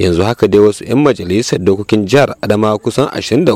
yanzu haka dai wasu 'yan majalisar dokokin jihar adama kusan 23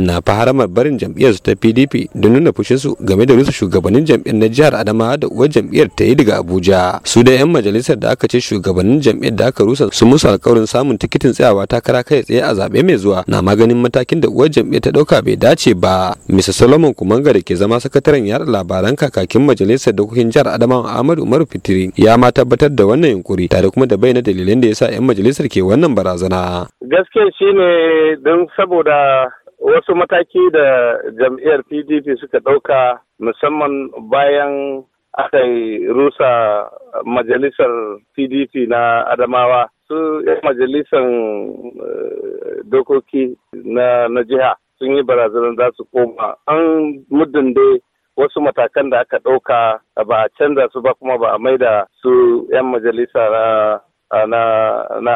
na faharamar barin jam'iyyar ta pdp don nuna su game da rusa shugabannin jam'iyyar na jihar adama da uwar jam'iyyar ta yi daga abuja su da 'yan majalisar da aka ce shugabannin jam'iyyar da aka rusa su musu alkawarin samun tikitin tsayawa takara kai tsaye a zaɓe mai zuwa na maganin matakin da uwar jam'iyyar ta ɗauka bai dace ba mr solomon kumanga da ke zama sakataren yaɗa labaran kakakin majalisar dokokin jihar adama Ahmadu umaru fitiri ya ma tabbatar da wannan yunkuri tare kuma da bayyana dalilan da yasa 'yan majalisar ke wannan wannan barazana. Gaskiya shine don saboda wasu mataki da jam'iyyar PDP suka ɗauka musamman bayan aka yi rusa majalisar PDP na Adamawa su majalisar eh, dokoki na, jiha sun yi barazanar za su koma an muddin dai wasu matakan da aka ɗauka ba a canza su ba kuma ba a maida su 'yan majalisa na na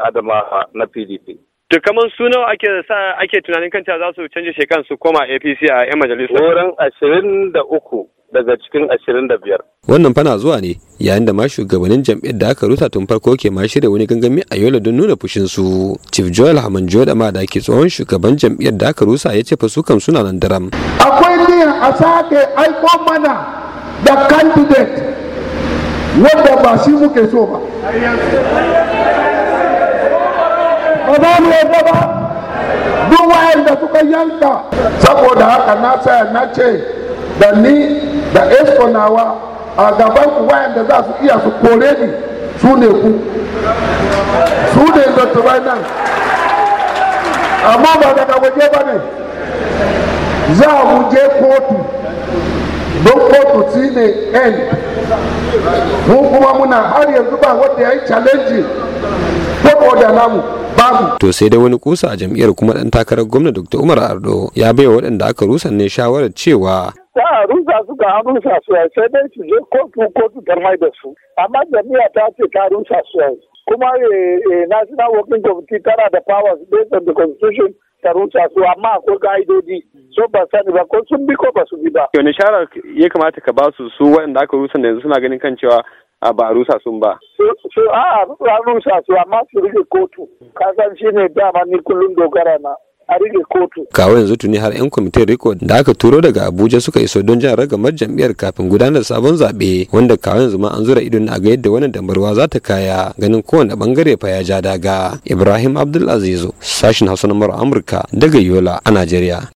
na PDP. To kamar su nawa ake sa ake tunanin kanta za su canje shekan su koma APC a 'yan majalisar. Wurin ashirin da uku daga cikin ashirin da biyar. Wannan fana zuwa ne yayin da ma shugabannin jam'iyyar da aka rusa tun farko ke ma shirya wani gangami a yola don nuna fushin su. Chief Joel Hamanjo da ma da ke tsohon shugaban jam'iyyar da aka rusa ya ce fa su kam suna nan daram. Akwai niyan a sake aiko mana da candidate wadda ba shi muke so ba ba za mu yadda ba duk da suka yanka saboda haka na saya na da ni da eskonawa a gaban ku wayanda za su iya su kore ni ku su ne zatturai nan amma ba daga waje ba ne za mu je kotu marubuci ne n mu kuma muna har yanzu ba wanda ya yi challenge namu To sai dai wani kusa a jam'iyyar kuma dan takarar gwamna Dr. Umar Ardo ya bai waɗanda aka rusa ne shawarar cewa. Ta rusa su ga hannun rusa su sai dai su je kotu kotu tarmai da su. Amma jami'a ta ce ta rusa su kuma eh, eh, National Working Committee tana da powers based on the constitution ta rusa su amma akwai ka'idodi. so ba sani ba ko sun bi ko ba su bi ba. Wani shara ya kamata ka ba su su waɗanda aka rusa yanzu suna ganin kan cewa a ba rusa sun ba. Su a a rusa su amma su rike kotu. Ka san shi ne dama ni kullum dogara na. a rike kotu. Kawo yanzu tuni har 'yan kwamitin riko da aka turo daga Abuja suka iso don jan ragamar jam'iyyar kafin gudanar sabon zaɓe wanda kawo yanzu ma an zura ido na ga yadda wannan damarwa za ta kaya ganin kowane bangare fa ya ja daga. Ibrahim Abdulaziz sashin Hausa na Amurka daga Yola a Najeriya.